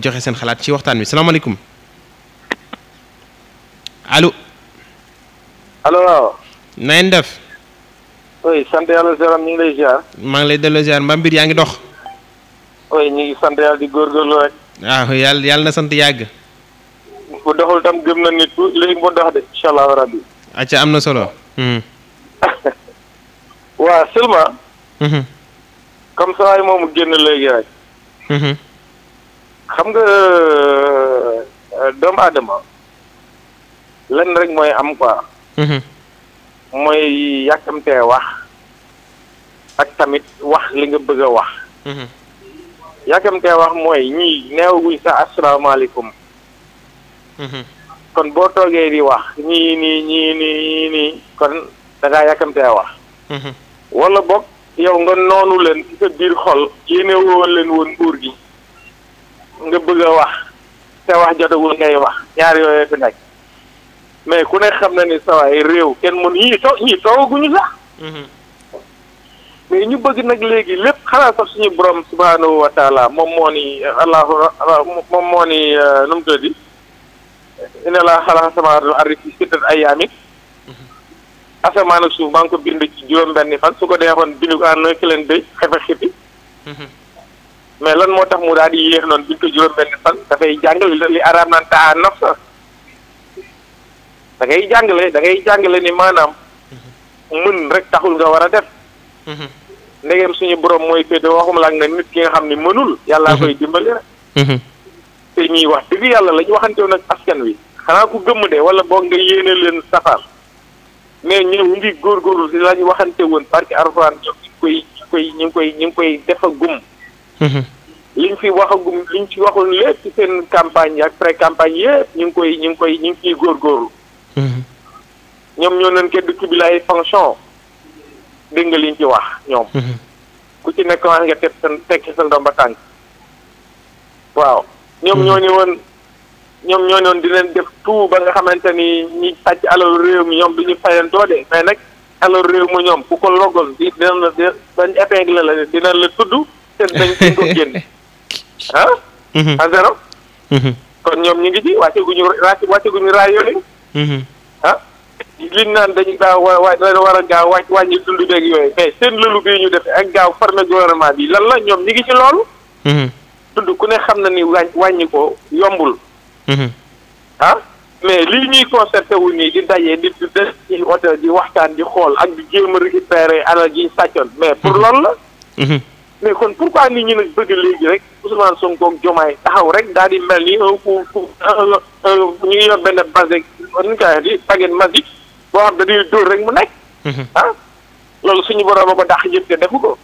joxe seen xalaat ci waxtaan wi salaamaaleykum allo. allo waaw. na ngeen def. sant yàlla ziaram maa ngi lay delloo ziar mbaa mbir yaa ngi dox. oui ñu ngi sant yàlla di góorgóorlu rek. waaw ah, yàlla yàlla na sant yàgg. bu doxul tam gëm na nit léegi mu dox de incha allah rabbi. acca am na solo. Hmm. waa seulement. Hmm. comme saa yi moomu génn léegi rek. Hmm. xam nga euh, doomu aadama lenn rek mooy am quoi. Mhm. mooy yàkkamtee wax ak tamit wax li nga bëgg a wax. Mhm. yàkkamtee wax mooy ñii neewaguñ sa asalaamaaleykum. Mhm. kon boo toogee di wax ñii nii ñii nii kon da yàkkamtee wax. wala boog yow nga noonu leen ci sa biir xol yéene woon leen woon nguur gi. nga bëgg a wax te wax jotagul ngay wax ñaar yooyu fi nekk mais ku ne xam na ni sawaay réew kenn mën ñii to ñii toogaguñu sax mhm. mais ñu bëgg nag léegi lépp xalaat sax suñu borom subhaanahu wa moom moo ni allahu moom moo ni euh, nu mu tëddi inna laa xalaqa samaawaati wal ardi fii sittati ayyaamin mhm. suuf maa ngi ko bind ci juróom-benni fan su ko deexoon bindu ko en un kilomètre xefe xipi mais lan moo tax mu daal di yéex noonu biñ ko juróom-benn fan dafay jàngale li araam naan taa naf sax da ngay jàngale dangay ngay jàngale ni maanaam mën rek taxul nga war a def. Mhm. ndegem suñu borom mooy féete waxum la na nit ki nga xam ne mënul. yàlla mhm. koy dimbali rek. Mhm. te ñuy wax dëgg yàlla la ñu waxanteewoon ak askan wi. xanaa ku gëmm de wala boog nga yéene leen safar mais ñoom ngi góor si la ñu waxante woon parce que arxuraan ñu ngi koy ñu ngi koy ñu ngi koy defa gum Mm-hmm. liñ fi waxagum liñ ci waxul lépp ci seen campagne yi ak pré campagne yëpp ñu ngi koy ñu ngi koy ñu ngi góor góorgóorlu. Mm-hmm. ñoom ñoo doon kenn du ci dégg nga liñ ci wax ñoom. Mm-hmm. ci nekk wax nga teg sa tekki tànk. waaw ñoom ñoo ne woon ñoom ñoo ne woon dinañ def tout ba nga xamante ni ñi sàcc alalu réew mi ñoom du ñu fayantoo de mais nag alalu réew mi ñoom ku ko logoon di dinañ la dinañ la dinañ la tudd. te dañ dañ ko génn ah. Mm-hmm. à mm-hmm. kon ñoom ñu ngi ci ñu ra wàcceeguñu raay yooyu. ah liñ naan dañu daa wa wa dana war a gaaw wàcc wàññi dund beeg yooyu mais seen lëlu bii ñu def ak gaaw farme gouvernement bi lan la ñoom ñu ngi ci loolu. dund ku ne xam na ni wàññi ko yombul. ah mais lii ñuy concerté wu nii di dajee di di ci hôtel di waxtaan di xool ak di jéem a récupérer alal gi ñu sàccoon mais pour loolu la. mais kon pourquoi nit ñi nag bëgg léegi rek Ousmane Sonko ak Diomaye taxaw rek daal di mel nii un coup ñu ngi yor benn base nuñu koy di baguette magique boo xam rek mu nekk mhm. ah? loolu suñu borom a ko dàq yëpp te defu ko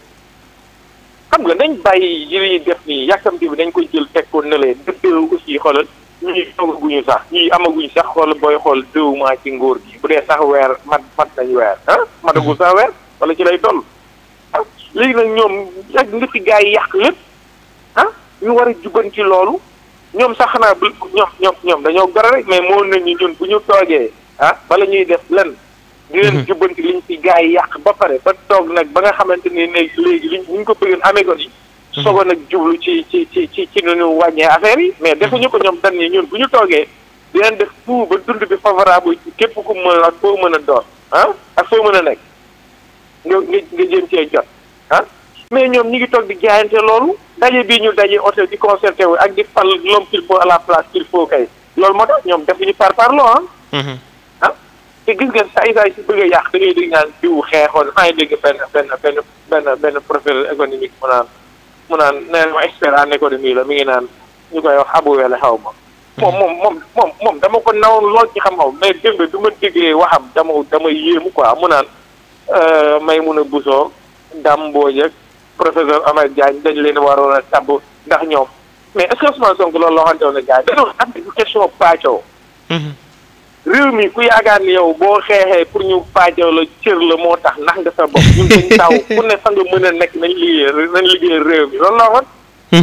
nga nañ bàyyi yi def nii yàkkamti bi dañ koy jël teg ko nële dëddëw aussi xoolal ñuy amaguñu sax ñuy amaguñu sax xool booy xool deux mois ci nguur gi bu dee sax weer mat mat nañ weer ah mhm. matagul sax weer wala ci lay toll léegi nag ñoom ak ndëfi gaa yi yàq lépp ah ñu war a jubban ci loolu ñoom sax xanaa bu ñoom ñoom ñoom dañoo gore rek mais moo nañu ñun bu ñu toogee ah bala ñuy def lenn di leen mhm. jubbanti liñ ci gaa yi yàq ba pare ba toog nag ba nga xamante ni ne léegi ko bëggoon amee ko yi mhm. sogo nag jublu ci ci ci ci ci nu wàññee affaire yi mais defuñu ko ñoom dañ ñun bu ñu toogee di def tout ba dund bi favorable ci képp ku mën ak foo mën a door ah ak foo mën a nekk nga nga nga jëm cee jot ah mais ñoom ñi ngi toog di jaayante loolu daje bii ñu daje hôtel di concerté wu ak di fal l'homme qu'il faut à la place qu'il faut kay loolu moo tax ñoom defuñu par parloo ah. Mm-hmm. ah te gis nga saa yi saa yi si bëgg a yàq da ngay dégg naan diw xeexoon maa ngi dégg benn benn benn benn benn professeur économique mu naan mu naan nee na ma expert en économie la mi ngi naan ñu koy wax abu wele xaw ma. Mm-hmm. moom moom moom moom moom dama ko nawoon lool ci xam-xam mais démb bi ma déggee waxam dama dama yéemu quoi mu naan euh, may mun a busoo. Dame Mbodj ak professeur Amar Diagne dañ leen waroon a tabb ndax ñoom mais est-ce que Ousmane Sonko loolu loo xamante woon na gars yi da doon ànd bu question paacoo mhm. réew mi ku yaakaar ni yow boo xeexee pour ñu paajoo la cër la moo tax nax nga sa bopp ñun dañ taw ku ne fa nga mën a nekk nañ liggéey nañ liggéey réew mi loolu la waxoon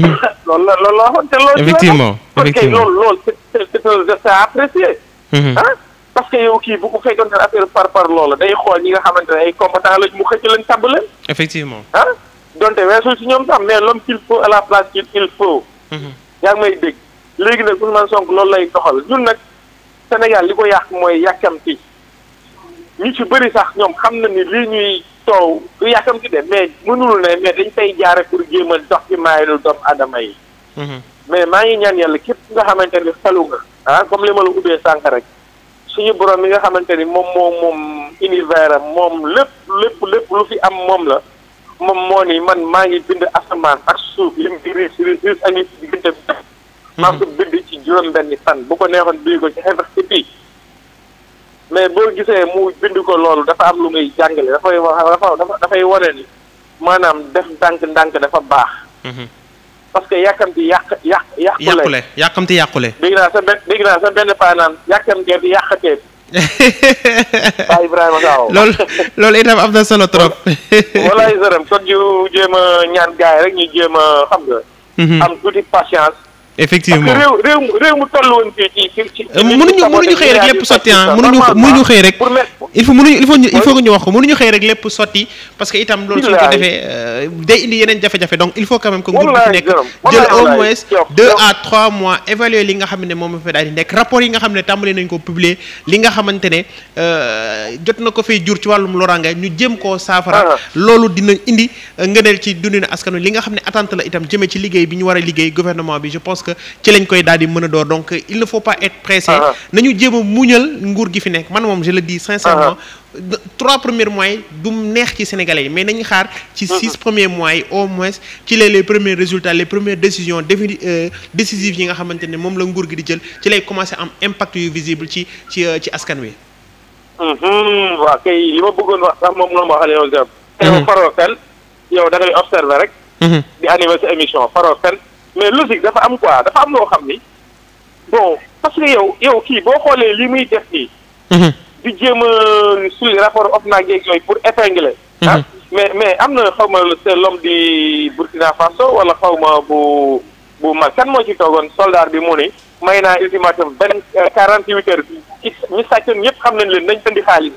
mhm. loolu la loolu la waxoon te loolu effectivement effectivement loolu loolu c'est un geste à apprécier ah parce que yow kii bu ko fekkoon ne affaire par par loola day xool ñi nga xamante ne ay combattant lañ mu xëcc leen tàbb leen. effectivement ah donte weesul si ñoom sax mais l'homme qu'il faut à la place qu'il faut. Mhm. yaa may dégg léegi nag Ousmane son loolu lay doxal ñun nag Sénégal li ko yàq mooy yàkkamti ñu ci bëri sax ñoom xam na ni lii ñuy toow du yàkkamti de mais mënul ne mais dañ fay jaare pour jéem a dox ci maayelu doomu aadama yi. Mhm. mais maa ngi ñaan yàlla képp nga xamante ne falu nga ah comme li ma sànq rek. suñu borom mi nga xamante ni moom moom moom univers am moom lépp lépp lépp lu fi am moom la moom moo ni man maa ngi bind asamaan ak suuf li mu di riis riis riis mhm. maa ko bind ci juróom-benni fan bu ko neexoon bind ko ci xefex ci bii mais boo gisee mu bind ko loolu dafa am lu muy jàngale dafay wax dafa dafay wane ni maanaam def ndànk-ndànk dafa baax mhm. parce que yàkkamti yàq yàq yàqule yàqule yàkkamti yàqule. dégg naa sa benn dégg naa sa benn paa naan yàkkamtee di yàqatee. waaw Ibrahima Sakho. loolu loolu na solo trop. walaay sërëm kon ñu jéem a ñaan gaay rek ñu jéem a xam mhm. am tuuti patience. effectivement parce que réew réew mu toll woon ci ci ci. xëy rek lépp sotti ah mënuñu ah. xëy rek. il faut il faut il ñu wax ko mënuñu xëy rek lépp sotti parce que itam loolu suñu ko defee euh, day indi yeneen jafe-jafe donc il faut quand même que nguur gi nekk jël au moins deux à trois mois évaluer li nga xam ne moom fa daal di nekk rapport yi nga xam ne tàmbali nañ ko publier li nga xamante ne euh, jot na ko fay jur ci wàllum loraange ñu jëm ko saafara ah. loolu dina indi euh, ngëneel ci dundinu askan wi li nga xam ne attente la ñu war a liggéey gouvernement bi je que ci lañ koy daal di mën a door donc il ne faut pas être pressé. Ah. nañu jéem a muñal nguur gi fi nekk man moom je le dis ah. trois premiers mois yi du neex ci sénégalais yi mais nañu xaar ci ah. six premiers mois au mois ci les les premiers résultats les premières décisions défini euh, décisives yi nga xamante ne moom la nguur gi di jël ci lay commencé am impact yu visible ci ci euh, ci askan wi. Mhm. waaw kay li ma bëggoon wax sax moom moom waxal yow Diop. Mhm. tey yow da ngay rek. Mhm. mais logique dafa am quoi dafa am loo xam ni bon parce que yow yow kii boo xoolee li muy def nii. Mhm. di jéem a sulli rapport OFNAC yeeg yooyu pour épingler. Mhm. ah mais mais am na xaw ma c'est l'homme di Burkina Faso wala xaw ma bu bu mag kan moo ci toogoon soldaar bi mu ni may naa ultimatum benn euh, quarante huit heures ci ñu sàccoon ñëpp xam nañ leen nañ indi xaalis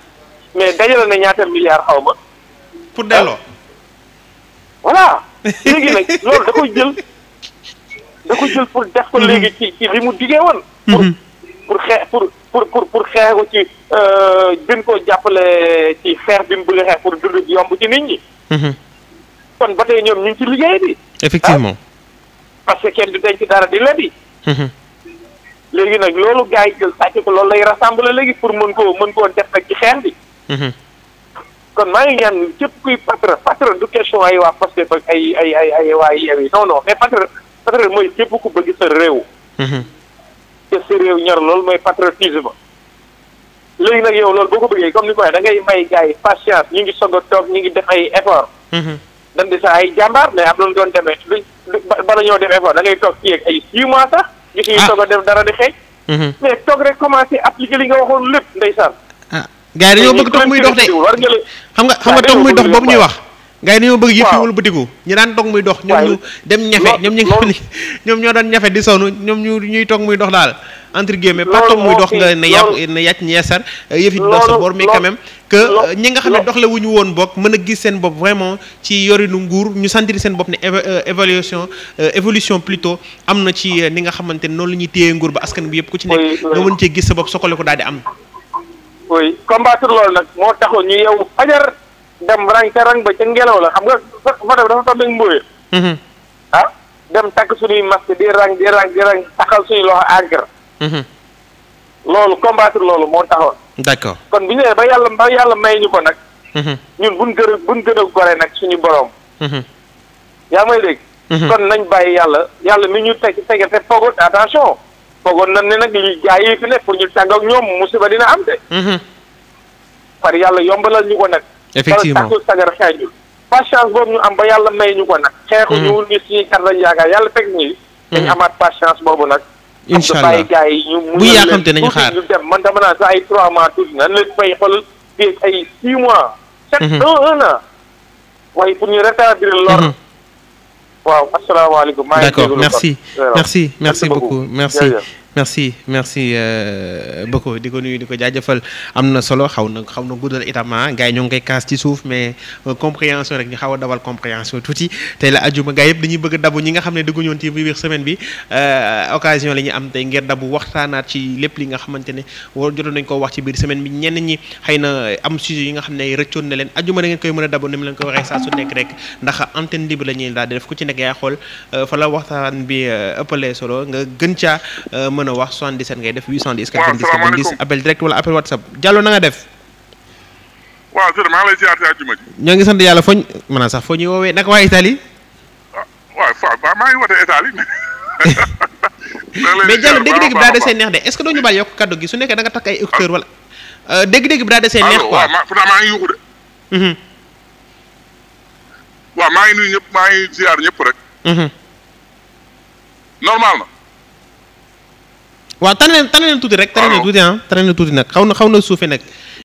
mais dajale na ñaata milliards xaw ma. pour delloo. Ah, voilà léegi nag loolu da koy jël. da ko jël pour def ko mhm. léegi ci ci li mu diggee woon. pour mhm. pour xee pour pour pour pour xeex ko ci gën euh, koo jàppale ci xeex bi mu bëgg a xeex pour du yomb ci nit ñi. Mhm. kon ba tey ñoom ñu ci liggéey bi. effectivement ah, parce que kenn du ci dara di lebi. léegi nag loolu gars yi jël sàcc ko loolu lay rassembler léegi pour mën koo mën ko def nag ci xeex bi. kon maa ngi ñaan képp kuy patron patron du question ay waa Pastef ak ay ay ay ay waa Yewwi non non mais patron. patriote mooy képp ku bëgg sa réew. Mhm. te sa réew ñor loolu mooy patriotisme. léegi nag yow loolu boo ko bëggee comme ni ko waxee da ngay may gars yi patience ñu ngi soog a ñu ngi def ay effort. Mhm. dañ di ay jàmbaar mais na lu doon demee ñoo def da ngay toog fii ay 6 mois sax. gis ñu ah. soog a mhm. mais toog rek commencé appliquer li nga waxoon lépp ndeysaan. ah gars yi dañoo bëgg toog muy dox de. xam nga xam nga toog muy dox mu ñuy wax. ngay dañoo bëgg yëpp yi wëlbatiku ñu daan toog muy dox ñoom ñu dem ñafe ñoom ñu nga ñoom ñoo daan ñafe di sonn ñoom ñu ñuy toog muy dox daal entre guillemets pas muy dox nga ne yàpp ne yàcc ñeesar euh, yëf yi di dox sa boor euh, ñi nga xam ne dox woon bokk mën a gis seen bopp vraiment ci yorinu nguur ñu sentir seen bopp ne évaluation euh, évolution plutôt am na ci ni nga xamante ne noonu la ñuy téye nguur ba askan bi yëpp ku ci nekk nga mën cee gis sa bopp sokale ko daal dem rang ca rang ba ca ngelaw la xam nga photo bi dafa toll ak mbóoyee mhm. ah dem takk suñuy masque di rang di rang di rang taxal suñuy loxo engrais mhm. loolu combattre loolu moo taxoon d'accord kon bi ñëwee ba yàlla ba yàlla may ñu ko nag mhm. ñun buñ gën a buñ gën a gore nag suñu boroom yaa may dégg kon nañ bàyyi yàlla yàlla mi ñu teg tege te foogoon attention foogoon nañ ne nag li gaa yi fi ne pour ñu tàgg ak ñoom musiba dina am de par yàlla yombalal ñu ko nag effectivement taxul sagar xeeñul patience boobu ñu am ba yàlla may ñu ko na xeex ñu mhm. suñuy kat lañ yaakaar yàlla teg nii mhm. dañ amaat patience boobu nag incha allah bàyyi gars yi ñu nañu xaar ñu dem man dama naan ay trois mois tuuti nan la fay xoolal fii six mois sept mhm. un un an waaye pour ñu rétablir l'ordre waaw asalaamaaleykum d'accord merci merci merci beaucoup merci merci euh, beaucoup di ko nuyu di ko jaajëfal am na solo xaw na xaw na guddal itam ah gars yi ñoo ngi koy kaas ci suuf mais euh, compréhension rek ñu xaw a dawal compréhension tuuti tey la ajuma gars yëpp dañuy bëgg dabu ñi nga xam ne dëggu ñoon ci biir semaine bi euh, occasion tey ngir dabu waxtaanaat ci lépp li nga xamante ne war jotoon nañ koo wax ci biir semaine bi ñenn ñi xëy na am sujet yi nga xam ne rëccoon na leen ajuma da ngeen koy mën a dabu ni mu leen koy waxee saa su nekk rek ndax antenne libre la ñuy daal di def ku ci nekk yaa xool fa la waxtaan bi ëppalee nga gën caa mën a wax 77 ngay def 810. waaw salaamaaleykum 90 appel direct wala appel whatsapp Diallo na def. maa ngi lay ziar woowee naka waa Italie. Ah, waaw waaw maa ngi woote Italie. mais Diallo dégg-dégg bi daa desee neex de est-ce que doo ñu baal yokk da nga takk ay écouteur wala. Euh, dégg-dégg bi daa desee neex maa ngi yuuxu de. Mm-hmm. waaw maa ngi nuyu ñëpp rek. Mm-hmm. normal na. waaw tane leen tuuti rek. waaw tane leen tuuti ah tane leen tuuti nag xaw na xaw na